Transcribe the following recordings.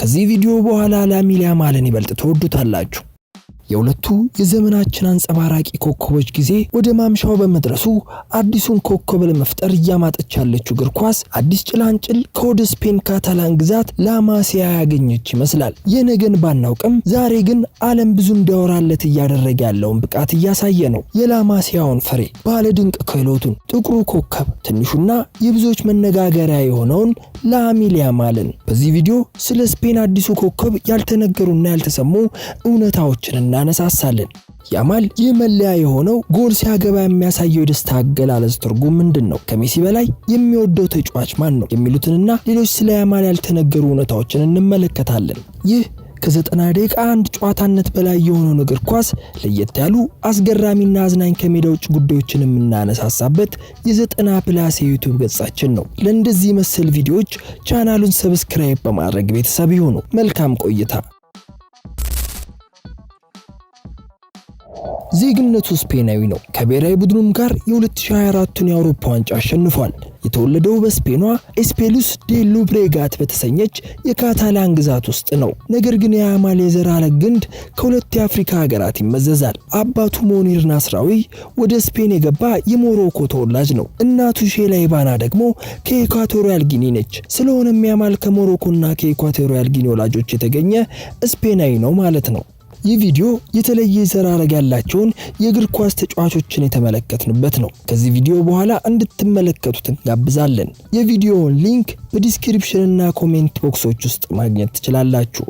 ከዚህ ቪዲዮ በኋላ ላሚ ያማልን ይበልጥ ትወዱታላችሁ። የሁለቱ የዘመናችን አንጸባራቂ ኮከቦች ጊዜ ወደ ማምሻው በመድረሱ አዲሱን ኮከብ ለመፍጠር እያማጠች ያለችው እግር ኳስ አዲስ ጭላንጭል ከወደ ስፔን ካታላን ግዛት ላማሲያ ያገኘች ይመስላል። የነገን ባናውቅም ዛሬ ግን ዓለም ብዙ እንዳወራለት እያደረገ ያለውን ብቃት እያሳየ ነው። የላማሲያውን ፍሬ ባለ ድንቅ ክህሎቱን ጥቁሩ ኮከብ ትንሹና የብዙዎች መነጋገሪያ የሆነውን ላሚን ያማልን። በዚህ ቪዲዮ ስለ ስፔን አዲሱ ኮከብ ያልተነገሩና ያልተሰሙ እውነታዎችን እናነሳሳለን። ያማል ይህ መለያ የሆነው ጎል ሲያገባ የሚያሳየው የደስታ አገላለጽ ትርጉም ምንድን ነው? ከሜሲ በላይ የሚወደው ተጫዋች ማን ነው? የሚሉትንና ሌሎች ስለ ያማል ያልተነገሩ እውነታዎችን እንመለከታለን። ይህ ከዘጠና ደቂቃ አንድ ጨዋታነት በላይ የሆነውን እግር ኳስ ለየት ያሉ አስገራሚና አዝናኝ ከሜዳ ውጭ ጉዳዮችን የምናነሳሳበት የዘጠና ፕላስ የዩቱብ ገጻችን ነው። ለእንደዚህ መሰል ቪዲዮዎች ቻናሉን ሰብስክራይብ በማድረግ ቤተሰብ ይሁኑ። መልካም ቆይታ ዜግነቱ ስፔናዊ ነው። ከብሔራዊ ቡድኑም ጋር የ2024ቱን የአውሮፓ ዋንጫ አሸንፏል። የተወለደው በስፔኗ ኤስፔሉስ ዴ ሉብሬጋት በተሰኘች የካታላን ግዛት ውስጥ ነው። ነገር ግን የአማል የዘር ሐረግ ግንድ ከሁለት የአፍሪካ ሀገራት ይመዘዛል። አባቱ ሞኒር ናስራዊ ወደ ስፔን የገባ የሞሮኮ ተወላጅ ነው። እናቱ ሼላ ኢባና ደግሞ ከኢኳቶሪያል ጊኒ ነች። ስለሆነም ያማል ከሞሮኮና ከኢኳቶሪያል ጊኒ ወላጆች የተገኘ ስፔናዊ ነው ማለት ነው። ይህ ቪዲዮ የተለየ የዘር ሐረግ ያላቸውን የእግር ኳስ ተጫዋቾችን የተመለከትንበት ነው። ከዚህ ቪዲዮ በኋላ እንድትመለከቱት እንጋብዛለን። የቪዲዮውን ሊንክ በዲስክሪፕሽንና ኮሜንት ቦክሶች ውስጥ ማግኘት ትችላላችሁ።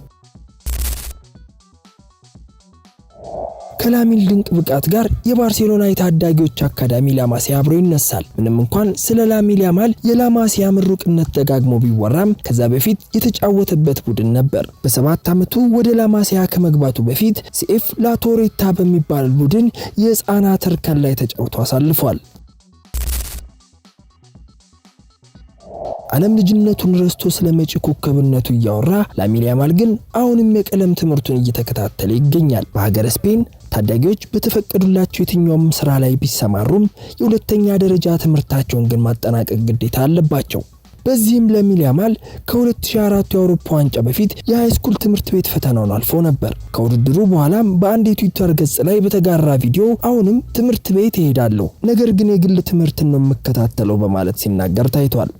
ከላሚን ድንቅ ብቃት ጋር የባርሴሎና የታዳጊዎች አካዳሚ ላማሲያ አብሮ ይነሳል። ምንም እንኳን ስለ ላሚን ያማል የላማሲያ ምሩቅነት ደጋግሞ ቢወራም ከዛ በፊት የተጫወተበት ቡድን ነበር። በሰባት ዓመቱ ወደ ላማሲያ ከመግባቱ በፊት ሲኤፍ ላቶሬታ በሚባል ቡድን የህፃናት እርከን ላይ ተጫውቶ አሳልፏል። አለም ልጅነቱን ረስቶ ስለ መጪ ኮከብነቱ እያወራ ላሚን ያማል ግን አሁንም የቀለም ትምህርቱን እየተከታተለ ይገኛል። በሀገረ ስፔን ታዳጊዎች በተፈቀዱላቸው የትኛውም ስራ ላይ ቢሰማሩም የሁለተኛ ደረጃ ትምህርታቸውን ግን ማጠናቀቅ ግዴታ አለባቸው። በዚህም ለሚል ያማል ከ2004 የአውሮፓ ዋንጫ በፊት የሃይስኩል ትምህርት ቤት ፈተናውን አልፎ ነበር። ከውድድሩ በኋላም በአንድ የትዊተር ገጽ ላይ በተጋራ ቪዲዮ አሁንም ትምህርት ቤት እሄዳለሁ፣ ነገር ግን የግል ትምህርትን ነው የምከታተለው በማለት ሲናገር ታይቷል።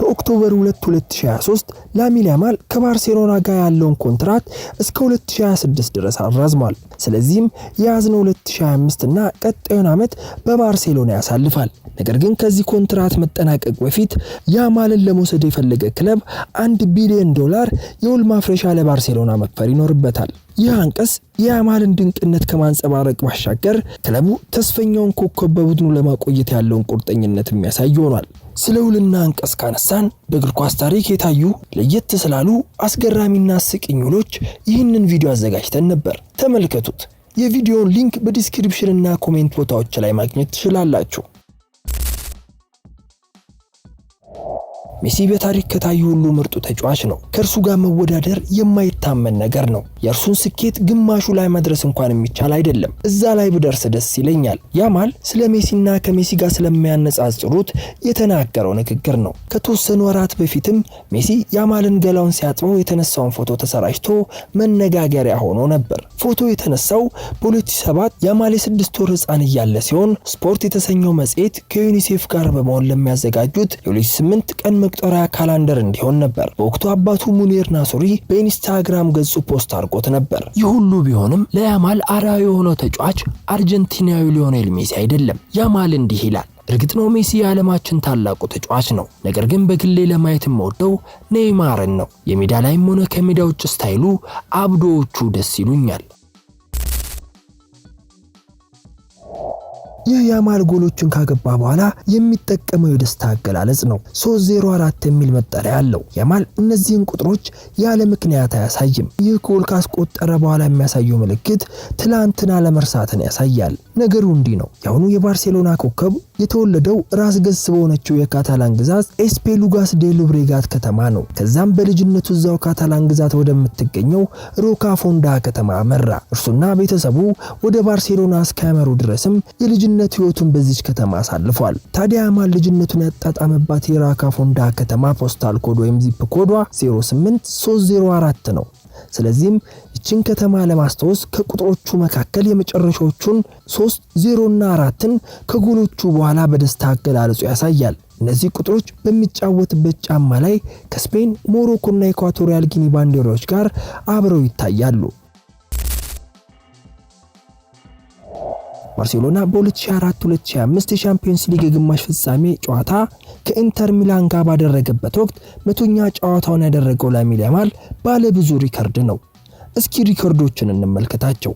በኦክቶበር 2 2023 ላሚን ያማል ከባርሴሎና ጋር ያለውን ኮንትራት እስከ 2026 ድረስ አራዝሟል። ስለዚህም የያዝነው 2025 እና ቀጣዩን ዓመት በባርሴሎና ያሳልፋል። ነገር ግን ከዚህ ኮንትራት መጠናቀቅ በፊት ያማልን ለመውሰድ የፈለገ ክለብ አንድ ቢሊዮን ዶላር የውል ማፍረሻ ለባርሴሎና መክፈል ይኖርበታል። ይህ አንቀጽ የያማልን ድንቅነት ከማንጸባረቅ ባሻገር ክለቡ ተስፈኛውን ኮከብ በቡድኑ ለማቆየት ያለውን ቁርጠኝነት የሚያሳይ ሆኗል። ስለ ውልና አንቀጽ ካነሳን በእግር ኳስ ታሪክ የታዩ ለየት ስላሉ አስገራሚና አስቂኝ ውሎች ይህንን ቪዲዮ አዘጋጅተን ነበር። ተመልከቱት። የቪዲዮውን ሊንክ በዲስክሪፕሽንና ኮሜንት ቦታዎች ላይ ማግኘት ትችላላችሁ። ሜሲ በታሪክ ከታዩ ሁሉ ምርጡ ተጫዋች ነው። ከእርሱ ጋር መወዳደር የማይታመን ነገር ነው። የእርሱን ስኬት ግማሹ ላይ መድረስ እንኳን የሚቻል አይደለም። እዛ ላይ ብደርስ ደስ ይለኛል። ያማል ስለ ሜሲና ከሜሲ ጋር ስለሚያነጻጽሩት የተናገረው ንግግር ነው። ከተወሰኑ ወራት በፊትም ሜሲ ያማልን ገላውን ሲያጥበው የተነሳውን ፎቶ ተሰራጭቶ መነጋገሪያ ሆኖ ነበር። ፎቶ የተነሳው በ2007 ያማል የስድስት ወር ህፃን እያለ ሲሆን ስፖርት የተሰኘው መጽሔት ከዩኒሴፍ ጋር በመሆን ለሚያዘጋጁት የ28 ቀን መቁጠሪያ ካላንደር እንዲሆን ነበር። በወቅቱ አባቱ ሙኒር ናሱሪ በኢንስታግራም ገጹ ፖስት አድርጎት ነበር። ይህ ሁሉ ቢሆንም ለያማል አርአያ የሆነው ተጫዋች አርጀንቲናዊ ሊዮኔል ሜሲ አይደለም። ያማል እንዲህ ይላል። እርግጥ ነው ሜሲ የዓለማችን ታላቁ ተጫዋች ነው። ነገር ግን በግሌ ለማየት የምወደው ኔይማርን ነው። የሜዳ ላይም ሆነ ከሜዳ ውጭ ስታይሉ፣ አብዶዎቹ ደስ ይሉኛል። ይህ ያማል ጎሎችን ካገባ በኋላ የሚጠቀመው የደስታ አገላለጽ ነው። 304 የሚል መጠሪያ አለው። ያማል እነዚህን ቁጥሮች ያለ ምክንያት አያሳይም። ይህ ጎል ካስቆጠረ በኋላ የሚያሳየው ምልክት ትላንትና ለመርሳትን ያሳያል። ነገሩ እንዲህ ነው። የአሁኑ የባርሴሎና ኮከብ የተወለደው ራስ ገዝ በሆነችው የካታላን ግዛት ሉጋስ ዴ ሉብሬጋት ከተማ ነው። ከዛም በልጅነቱ እዛው ካታላን ግዛት ወደምትገኘው ሮካ ፎንዳ ከተማ አመራ። እርሱና ቤተሰቡ ወደ ባርሴሎና እስካያመሩ ድረስም የልጅነት ህይወቱን በዚች ከተማ አሳልፏል። ታዲያ ማን ልጅነቱን ያጣጣመባት የራካ ፎንዳ ከተማ ፖስታል ኮድ ወይም ዚፕ ኮዷ 08304 ነው። ስለዚህም ይችን ከተማ ለማስታወስ ከቁጥሮቹ መካከል የመጨረሻዎቹን ሶስት ዜሮና አራትን ከጎሎቹ በኋላ በደስታ አገላለጹ ያሳያል። እነዚህ ቁጥሮች በሚጫወትበት ጫማ ላይ ከስፔን ሞሮኮና ኢኳቶሪያል ጊኒ ባንዲራዎች ጋር አብረው ይታያሉ። ባርሴሎና በ2004 2005 የሻምፒዮንስ ሊግ ግማሽ ፍጻሜ ጨዋታ ከኢንተር ሚላን ጋር ባደረገበት ወቅት መቶኛ ጨዋታውን ያደረገው ላሚን ያማል ባለ ብዙ ሪከርድ ነው። እስኪ ሪከርዶችን እንመልከታቸው።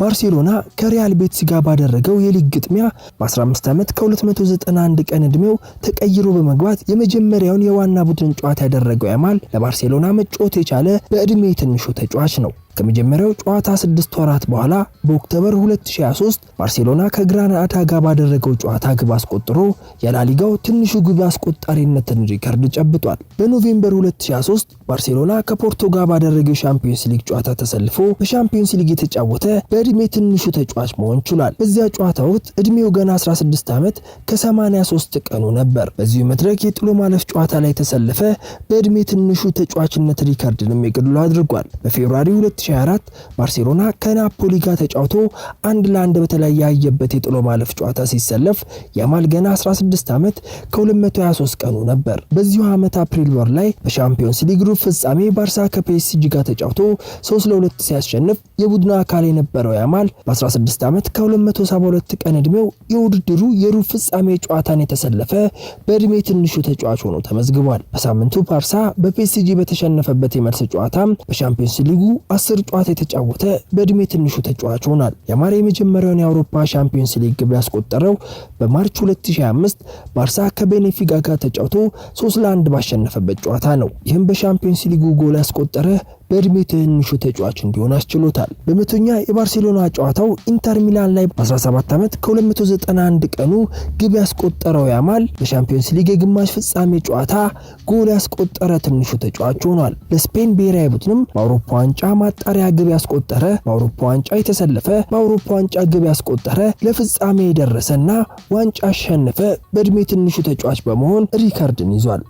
ባርሴሎና ከሪያል ቤትስ ጋር ባደረገው የሊግ ግጥሚያ በ15 ዓመት ከ291 ቀን ዕድሜው ተቀይሮ በመግባት የመጀመሪያውን የዋና ቡድን ጨዋታ ያደረገው ያማል ለባርሴሎና መጫወት የቻለ በዕድሜ ትንሹ ተጫዋች ነው። ከመጀመሪያው ጨዋታ ስድስት ወራት በኋላ በኦክቶበር 2023 ባርሴሎና ከግራናዳ ጋር ባደረገው ጨዋታ ግብ አስቆጥሮ የላሊጋው ትንሹ ግብ አስቆጣሪነትን ሪከርድ ጨብጧል። በኖቬምበር 2023 ባርሴሎና ከፖርቶ ጋር ባደረገው ሻምፒዮንስ ሊግ ጨዋታ ተሰልፎ በሻምፒዮንስ ሊግ የተጫወተ በእድሜ ትንሹ ተጫዋች መሆን ችሏል። በዚያ ጨዋታ ወቅት እድሜው ገና 16 ዓመት ከ83 ቀኑ ነበር። በዚሁ መድረክ የጥሎ ማለፍ ጨዋታ ላይ ተሰለፈ። በእድሜ ትንሹ ተጫዋችነት ሪከርድንም የግሉ አድርጓል። በፌብሩዋሪ 2024 ባርሴሎና ከናፖሊ ጋር ተጫውቶ አንድ ለአንድ በተለያየበት የጥሎ ማለፍ ጨዋታ ሲሰለፍ ያማል ገና 16 ዓመት ከ223 ቀኑ ነበር። በዚሁ ዓመት አፕሪል ወር ላይ በሻምፒዮንስ ሊግ ሩብ ፍጻሜ ባርሳ ከፒኤስጂ ጋር ተጫውቶ 3 ለ2 ሲያሸንፍ የቡድኑ አካል የነበረው ያማል በ16 ዓመት ከ272 ቀን ዕድሜው የውድድሩ የሩብ ፍጻሜ ጨዋታን የተሰለፈ በዕድሜ ትንሹ ተጫዋች ሆኖ ተመዝግቧል። በሳምንቱ ባርሳ በፒኤስጂ በተሸነፈበት የመልስ ጨዋታም በሻምፒዮንስ ሊጉ አስር ጨዋታ የተጫወተ በእድሜ ትንሹ ተጫዋች ሆኗል። ያማር የመጀመሪያውን የአውሮፓ ሻምፒዮንስ ሊግ ግብ ያስቆጠረው በማርች 2025 ባርሳ ከቤኔፊካ ጋር ተጫውቶ 3 ለ1 ባሸነፈበት ጨዋታ ነው። ይህም በሻምፒዮንስ ሊጉ ጎል ያስቆጠረ በእድሜ ትንሹ ተጫዋች እንዲሆን አስችሎታል። በመቶኛ የባርሴሎና ጨዋታው ኢንተር ሚላን ላይ በ17 ዓመት ከ291 ቀኑ ግብ ያስቆጠረው ያማል በሻምፒዮንስ ሊግ የግማሽ ፍጻሜ ጨዋታ ጎል ያስቆጠረ ትንሹ ተጫዋች ሆኗል። ለስፔን ብሔራዊ ቡድንም በአውሮፓ ዋንጫ ማጣሪያ ግብ ያስቆጠረ፣ በአውሮፓ ዋንጫ የተሰለፈ፣ በአውሮፓ ዋንጫ ግብ ያስቆጠረ፣ ለፍጻሜ የደረሰና ዋንጫ አሸነፈ በእድሜ ትንሹ ተጫዋች በመሆን ሪከርድን ይዟል።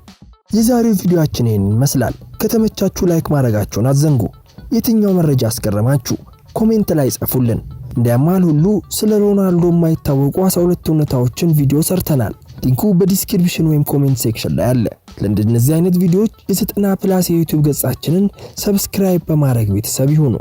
የዛሬው ቪዲዮአችን ይህን ይመስላል። ከተመቻችሁ ላይክ ማድረጋችሁን አትዘንጉ። የትኛው መረጃ አስገረማችሁ? ኮሜንት ላይ ጻፉልን። እንደ ያማል ሁሉ ስለ ሮናልዶ የማይታወቁ 12 እውነታዎችን ቪዲዮ ሰርተናል። ሊንኩ በዲስክሪፕሽን ወይም ኮሜንት ሴክሽን ላይ አለ። ለእንደነዚህ አይነት ቪዲዮዎች የ90 ፕላስ የዩቲዩብ ገጻችንን ሰብስክራይብ በማድረግ ቤተሰብ ይሁኑ።